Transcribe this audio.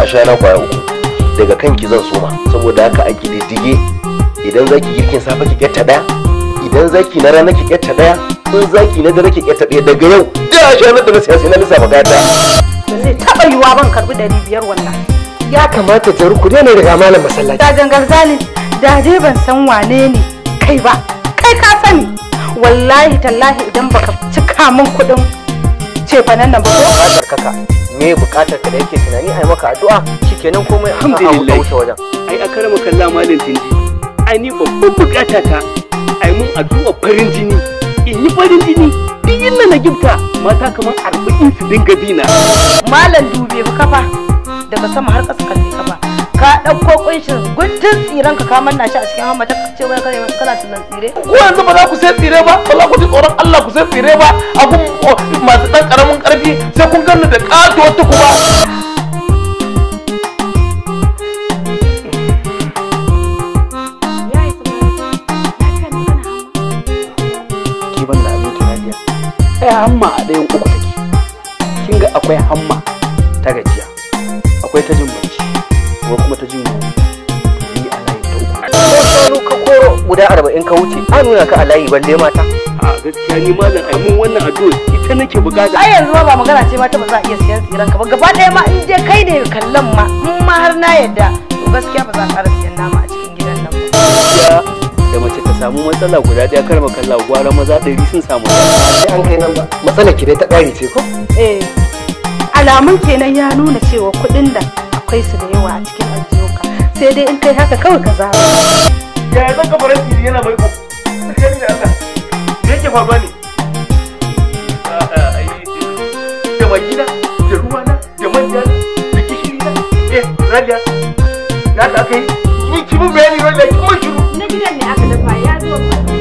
a sha na kwaya uku daga kanki zan soma saboda haka a diddige idan zaki girkin safe ki kyatta daya idan zaki na rana ki kyatta daya in zaki na dare ki kyatta daya daga yau da a sha na sai na lissafa gata zai taba yiwa ban karbi dari biyar wannan ya kamata jaru ku ne daga malam masallaci da gangar zalim da dai ban san wane ne kai ba kai ka sani wallahi tallahi idan baka cika min kuɗin ce fa nan nan ba bukatar kaka me bukatar ka da yake tunani ai maka addu'a shikenan komai alhamdulillah wuce wajen ai akarama kalla malin tindi ai ni babban bukata ta ai mun addu'a farin jini in yi farin jini din inda na gifta mata kamar arba'in su dinga bina malam dube ba kafa daga sama har ƙasa kafa ɗauko kunshin gundun tsiran ka kamar na shi a cikin hammata ka ce kare kana tunan tsire ko yanzu ba za ku sai tsire ba ba za ku ji tsoron Allah ku sai tsire ba a kun masu ɗan ƙaramin ƙarfi sai kun da ƙatuwar tukuma Ai hamma a ɗayan uku take. Kin ga akwai hamma ko kuma ta juyi turi a layi ta uku ko shanu ka koro guda arba'in ka wuce an nuna ka a layi balle mata a gaskiya ni malam ai mun wannan addu'a ita nake bukata ai yanzu ma ba magana ce mata ba za a iya siyan tsiran ka ba gaba ɗaya ma in je kai ne kallon ma in ma har na yadda to gaskiya ba za ka ƙara siyan nama a cikin gidan nan ba da mace ta samu matsala guda ɗaya, kar makalla gwara maza ɗari sun samu sai an kai nan ba matsalar ki dai ta ƙari ce ko eh alamun kenan ya nuna cewa kuɗin da akwai su da yawa a cikin aljiyuka sai dai in kai haka kawai ka zaba ya zan ka bar shi yana mai ko sai ne Allah me yake faruwa ne da wajina da ruwana da manja da gishiri na eh raja na ta aka yi ni ki mun bayani wanda ki mun shiru na gidan ne aka dafa ya zo